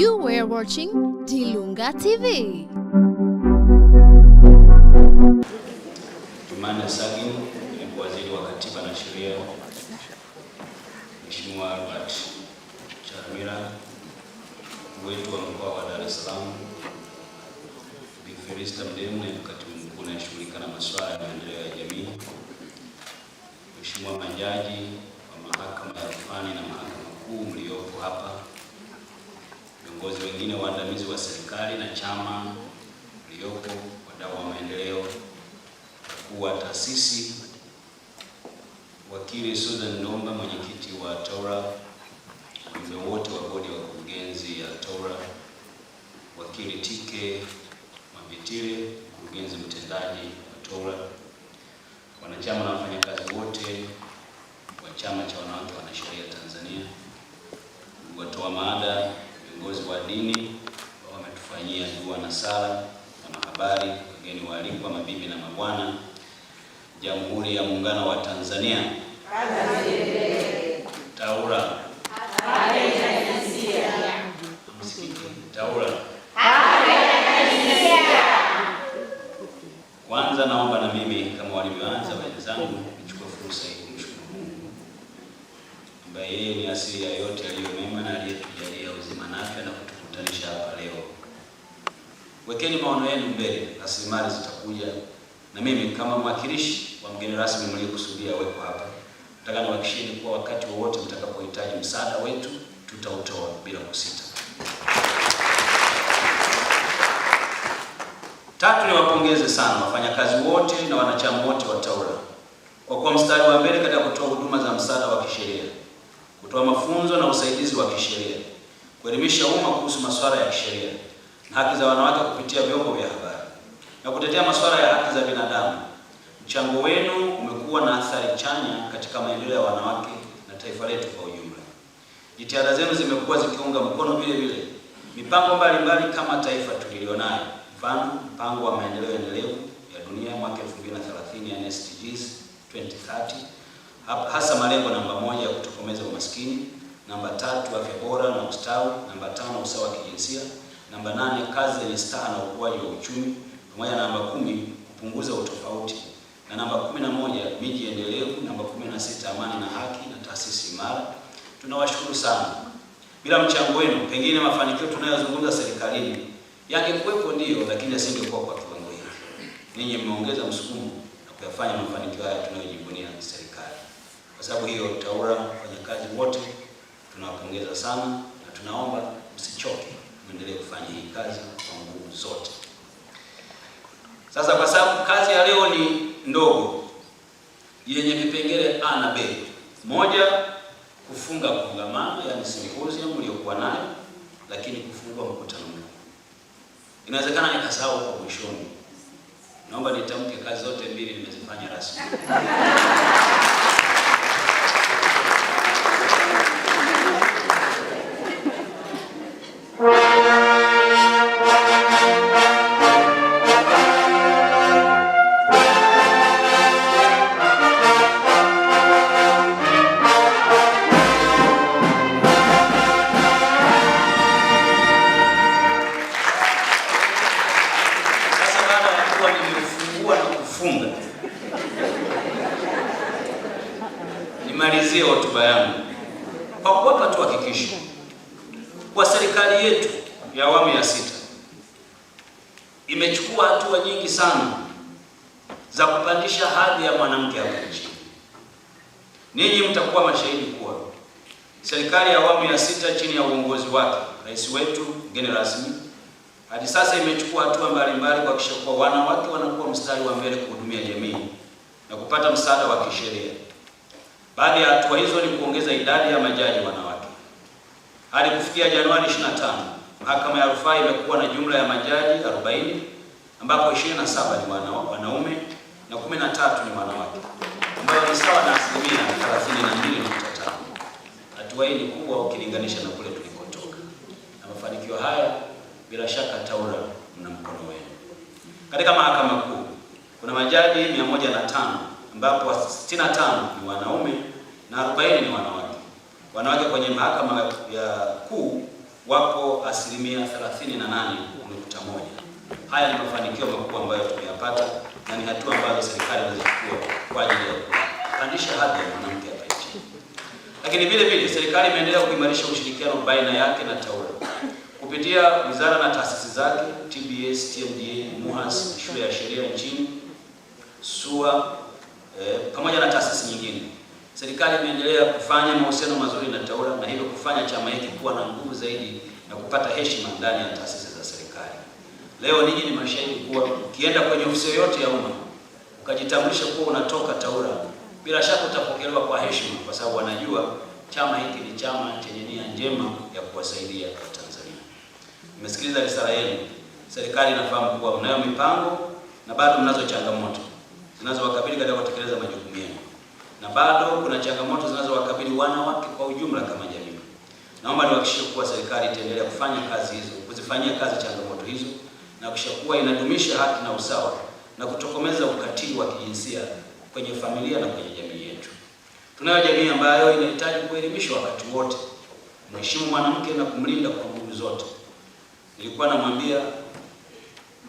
You were watching Dilunga TV. Tumana Sagin, ni waziri wa katiba na sheria. Mheshimiwa Albert Chalamila, wetu wa mkoa wa Dar es Salaam, Bi Felista Mdemwe, katibu mkuu anayeshughulika na masuala ya maendeleo ya jamii. Mheshimiwa majaji wengine waandamizi wa serikali na chama uliopo, wadau wa maendeleo, wakuu wa taasisi, wakili Susan Nomba, mwenyekiti wa TORA, wajumbe wote wa bodi ya wakurugenzi ya TORA, wakili Tike Mwambitile, mkurugenzi mtendaji wa TORA, wanachama na wafanyakazi wote wa Chama cha Wanawake Wanasheria Tanzania, watoa maada viongozi wa dini wametufanyia dua na sala. Wanahabari, wageni waalikwa, mabibi na mabwana, Jamhuri ya Muungano wa Tanzania, TAWLA Kwanza naomba na mimi kama walivyoanza wenzangu nichukue fursa hii kumshukuru Mungu ambaye yeye ni asili ya yote aliyo mema na aliye nzima na afya na kutukutanisha hapa leo. Wekeni maono yenu mbele, rasilimali zitakuja, na mimi kama mwakilishi wa mgeni rasmi mliokusudia weko hapa, nataka niwahakikishieni kuwa wakati wowote mtakapohitaji msaada wetu tutautoa bila kusita. Tatu, niwapongeze sana wafanyakazi wote na wanachama wote wa TAWLA kwa kuwa mstari wa mbele katika kutoa huduma za msaada wa kisheria, kutoa mafunzo na usaidizi wa kisheria kuelimisha umma kuhusu masuala ya kisheria na haki za wanawake kupitia vyombo vya habari na kutetea masuala ya haki za binadamu. Mchango wenu umekuwa na athari chanya katika maendeleo ya wanawake na taifa letu kwa ujumla. Jitihada zenu zimekuwa zikiunga mkono vile vile mipango mbalimbali kama taifa tulilionayo, mfano mpango wa maendeleo endelevu ya dunia mwaka 2030 yani SDGs 2030 hasa malengo namba moja ya kutokomeza umaskini namba tatu afya bora na ustawi, namba tano usawa wa kijinsia, namba nane kazi zenye staha na ukuaji wa uchumi, pamoja na namba kumi kupunguza utofauti na namba kumi na moja miji endelevu, namba kumi na sita amani na haki na taasisi imara. Tunawashukuru sana, bila mchango wenu pengine mafanikio tunayozungumza serikalini yangekuwepo, ndiyo, lakini yasingekuwa kwa kiwango hiki. Ninyi mmeongeza msukumo na kuyafanya mafanikio haya tunayojivunia serikali. Kwa sababu hiyo, TAWLA wafanyakazi wote tunawapongeza sana na tunaomba msichoke, muendelee kufanya hii kazi kwa nguvu zote. Sasa kwa sababu kazi ya leo ni ndogo yenye vipengele A na B. Moja, kufunga kongamano yani symposium mliokuwa nayo, lakini kufungua mkutano mkuu. Inawezekana nikasahau kwa mwishoni, naomba nitamke kazi zote mbili nimezifanya rasmi tunaomba tuhakikishe kwa serikali yetu ya awamu ya sita imechukua hatua nyingi sana za kupandisha hadhi ya mwanamke hapa nchini. Ninyi mtakuwa mashahidi kuwa serikali ya awamu ya sita chini ya uongozi wake rais wetu mgeni rasmi hadi sasa imechukua hatua mbalimbali kuhakikisha kuwa wanawake wanakuwa mstari wa mbele kuhudumia jamii na kupata msaada wa kisheria. Baadhi ya hatua hizo ni kuongeza idadi ya majaji wanawake hadi kufikia Januari 25, mahakama ya rufaa imekuwa na jumla ya majaji 40 ambapo 27 ni wanaume na 13 ni wanawake ambayo ni sawa na asilimia 32.5. Hatua hii ni kubwa ukilinganisha na kule tulikotoka, na mafanikio haya bila shaka TAWLA mna mkono wenu. Katika mahakama kuu kuna majaji 105 ambapo 65 ni wanaume na 40 ni wanawake wanawake kwenye mahakama ya kuu wapo asilimia 38 Haya ni mafanikio makubwa ambayo tumeyapata na ni hatua ambazo serikali inazichukua kwa ajili ya kupandisha hadhi ya mwanamke hapa nchini. Lakini vile vile serikali imeendelea kuimarisha ushirikiano baina yake na TAWLA kupitia wizara na taasisi zake TBS, TMDA, MUHAS, shule ya sheria nchini, SUA eh, pamoja na taasisi nyingine Serikali imeendelea kufanya mahusiano mazuri na TAWLA na hivyo kufanya chama hiki kuwa na nguvu zaidi na kupata heshima ndani ya taasisi za serikali. Leo ninyi ni mashahidi kuwa ukienda kwenye ofisi yoyote ya umma ukajitambulisha kuwa unatoka TAWLA, bila shaka utapokelewa kwa heshima, kwa sababu wanajua chama hiki ni chama chenye nia njema ya kuwasaidia Watanzania. Nimesikiliza risala yenu. Serikali inafahamu kuwa mnayo mipango na bado mnazo changamoto zinazowakabili katika kutekeleza majukumu yenu na bado kuna changamoto zinazowakabili wanawake kwa ujumla kama jamii. Naomba niwahakikishie kuwa serikali itaendelea kufanya kazi hizo, kuzifanyia kazi changamoto hizo na kuhakikisha kuwa inadumisha haki na usawa na kutokomeza ukatili wa kijinsia kwenye familia na kwenye jamii yetu. Tunayo jamii ambayo inahitaji kuelimishwa wakati wote, mheshimu mwanamke na kumlinda kwa nguvu zote. Nilikuwa namwambia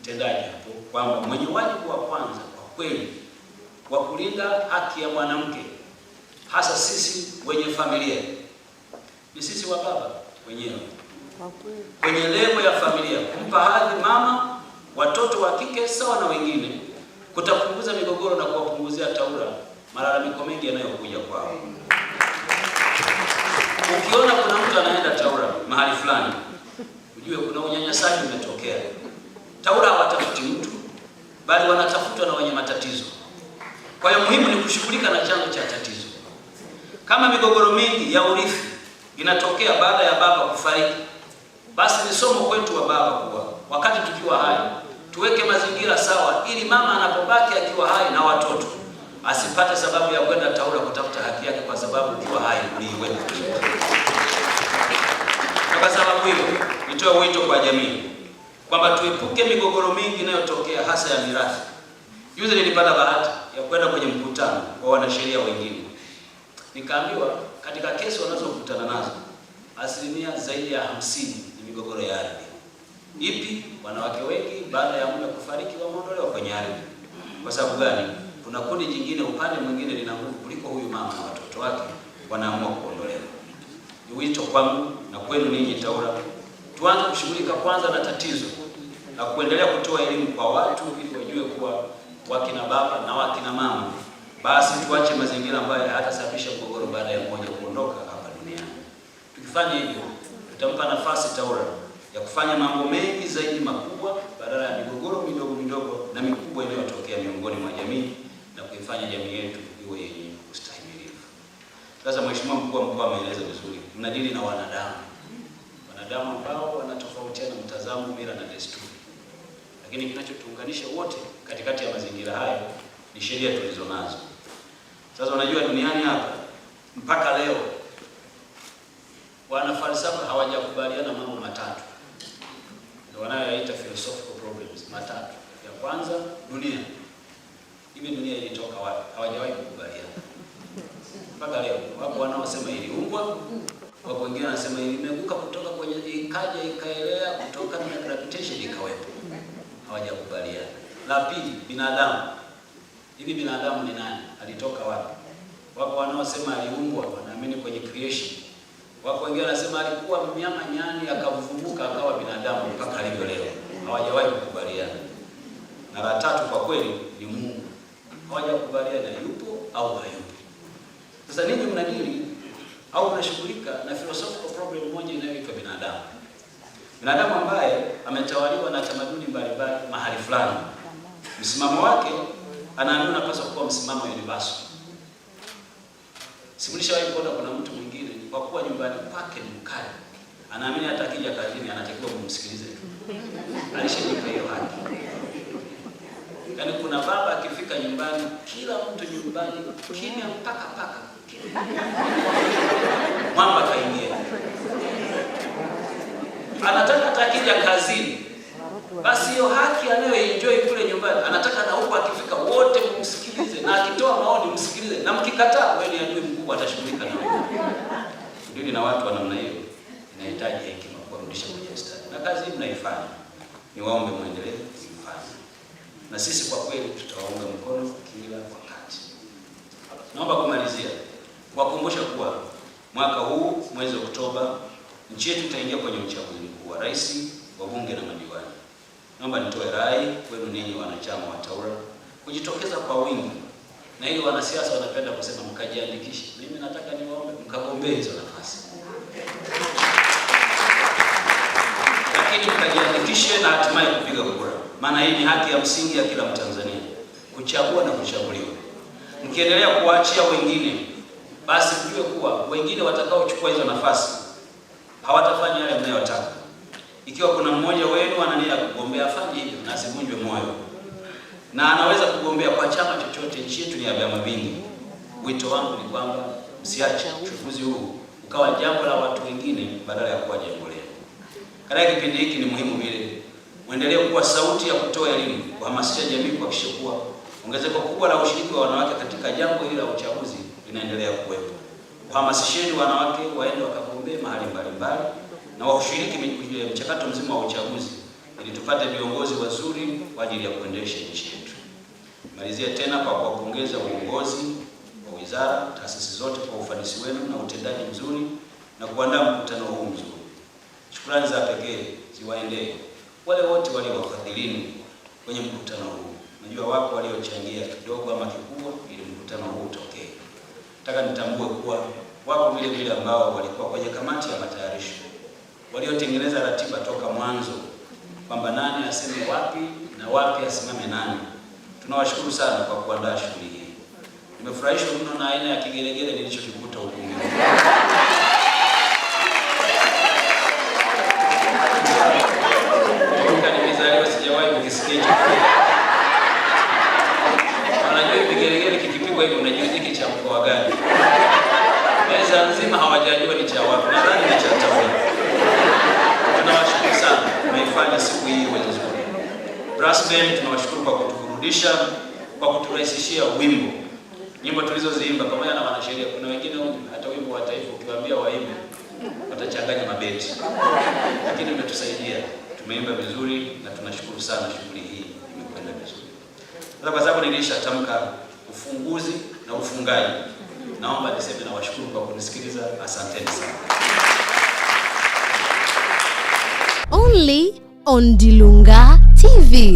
mtendaji hapo kwamba mwenye wajibu wa kwanza kwa kweli wa kulinda haki ya mwanamke, hasa sisi wenye familia, ni sisi wa baba wenyewe kwenye lengo ya familia, kumpa hadhi mama watoto wa kike sawa na wengine kutapunguza migogoro na kuwapunguzia taura malalamiko mengi yanayokuja kwao. Ukiona kuna mtu anaenda taura mahali fulani, ujue kuna unyanyasaji umetokea. taura hawatafuti mtu, bali wanatafutwa na wenye matatizo. Kwa hiyo muhimu ni kushughulika na chanzo cha tatizo. Kama migogoro mingi ya urithi inatokea baada ya baba kufariki, basi ni somo kwetu wa baba kuwa wakati tukiwa hai tuweke mazingira sawa, ili mama anapobaki akiwa hai na watoto asipate sababu ya kwenda TAWLA kutafuta haki yake, kwa sababu ukiwa hai uliiweka. Kwa sababu hiyo, nitoe wito kwa jamii kwamba tuepuke migogoro mingi inayotokea hasa ya mirathi. Juzi nilipata bahati ya kwenda kwenye mkutano kwa wanasheria wengine, nikaambiwa katika kesi wanazokutana nazo asilimia zaidi ya hamsini ni migogoro ya ardhi. Ipi? wanawake wengi baada ya mume kufariki wameondolewa kwenye ardhi. Kwa sababu gani? kuna kundi jingine, upande mwingine lina nguvu kuliko huyu mama na watoto wake, wanaamua kuondolewa. Ni wito kwangu na kwenu ninyi TAWLA, tuanze kushughulika kwanza na tatizo na kuendelea kutoa elimu kwa watu ili wajue kuwa wakina baba na wakina mama, basi tuache mazingira ambayo hayatasababisha mgogoro baada ya mmoja kuondoka hapa duniani. Tukifanya hivyo, tutampa nafasi Taura ya kufanya mambo mengi zaidi makubwa badala ya migogoro midogo midogo na mikubwa inayotokea miongoni mwa jamii na kuifanya jamii yetu iwe yenye ustahimilivu. Sasa Mheshimiwa Mkuu wa Mkoa ameeleza vizuri, mnadili na wanadamu, wanadamu ambao wanatofautiana mtazamo, mila na desturi, lakini kinachotuunganisha wote katikati ya mazingira hayo ni sheria tulizo nazo. Sasa unajua, duniani hapa mpaka leo wana falsafa hawajakubaliana mambo matatu wanayoyaita philosophical problems matatu. Ya kwanza, dunia hivi, dunia ilitoka wapi? Hawajawahi kukubaliana mpaka leo. Wapo wanaosema iliumbwa, wapo wengine wanasema imeguka kutoka kwenye, ikaja ikaelea kutoka na gravitation ikawepo. Hawajakubaliana. La pili, binadamu. Hivi binadamu ni nani? Alitoka wapi? Wako wanaosema aliumbwa, wanaamini kwenye creation. Wako wengine wanasema alikuwa mnyama nyani akavumbuka akawa binadamu mpaka alivyo leo. Hawajawahi kukubaliana. Na la tatu kwa kweli ni Mungu. Hawajakubaliana yupo au hayupo. Sasa ninyi mnadili au mnashughulika na philosophical problem moja inayoitwa binadamu. Binadamu ambaye ametawaliwa na tamaduni mbalimbali mahali fulani Msimamo wake anaambiwa unapaswa kuwa msimamo universal. Simulishawahi kuona kuna mtu mwingine kwa kuwa nyumbani kwake ni mkali, anaamini hata akija kazini anatakiwa kumsikilize tu, alishajipa hiyo haki. Yaani kuna baba akifika nyumbani, kila mtu nyumbani kimya mpaka paka mwamba kaingia, anataka hata akija kazini basi hiyo haki anayoenjoy kule nyumbani anataka na huko akifika wote mumsikilize, na akitoa maoni msikilize, na mkikataa, wewe ajue mkubwa atashughulika na wewe. Dini na watu wa namna hiyo inahitaji hekima kurudisha kwenye mstari, na kazi hii mnaifanya, niwaombe muendelee kuifanya, na sisi kwa kweli tutawaunga mkono kila wakati. Naomba kumalizia kuwakumbusha kuwa mwaka huu mwezi Oktoba nchi yetu itaingia kwenye uchaguzi mkuu wa rais, na madiwani naomba nitoe rai kwenu ninyi wanachama wa TAWLA kujitokeza kwa wingi, na ili wanasiasa wanapenda kusema mkajiandikishe. Mimi nataka niwaombe mkagombee hizo nafasi, lakini mkajiandikishe na hatimaye kupiga kura, maana hii ni haki ya msingi ya kila Mtanzania kuchagua na kuchaguliwa. Mkiendelea kuwaachia wengine, basi mjue kuwa wengine watakaochukua hizo nafasi hawatafanya yale mnayotaka. Ikiwa kuna mmoja wenu anania kugombea, afanye hivyo na asivunjwe moyo, na anaweza kugombea kwa chama chochote. Nchi yetu ni ya vyama vingi. Wito wangu ni kwamba msiache uchaguzi huu ukawa jambo la watu wengine badala ya kuwa jambo lenu. Katika kipindi hiki ni muhimu vile muendelee kuwa sauti ya kutoa elimu, kuhamasisha jamii kuhakikisha kuwa ongezeko kubwa la ushiriki wa wanawake katika jambo hili la uchaguzi linaendelea kuwepo. Kuhamasisheni wanawake waende waka wajumbe mahali mbalimbali na wa kushiriki mchakato mzima wa uchaguzi ili tupate viongozi wazuri kwa ajili ya kuendesha nchi yetu. Malizia tena kwa kuwapongeza uongozi wa wizara, taasisi zote kwa ufanisi wenu na utendaji mzuri na kuandaa mkutano huu mzuri. Shukrani za pekee ziwaendee wale wote waliowafadhilini kwenye mkutano huu. Najua wako waliochangia kidogo ama kikubwa ili mkutano huu utokee. Nataka nitambue kuwa wapo vile vile ambao walikuwa kwenye kamati ya matayarisho waliotengeneza ratiba toka mwanzo kwamba nani aseme wapi na wapi asimame nani. Tunawashukuru sana kwa kuandaa shughuli hii. Nimefurahishwa mno na aina ya kigelegele nilichokikuta huko Unajua, vigelegele kikipigwa hivi unajua kweli tunawashukuru kwa kutukurudisha, kwa kuturahisishia wimbo nyimbo tulizoziimba pamoja na wanasheria. Kuna wengine hata wimbo wa taifa ukiwaambia waimbe watachanganya mabeti, lakini umetusaidia, tumeimba vizuri na tunashukuru sana, shughuli hii imekwenda vizuri. Sasa kwa sababu nilishatamka ufunguzi na ufungaji, naomba niseme nawashukuru kwa kunisikiliza, asanteni sana. Only on Dilunga TV.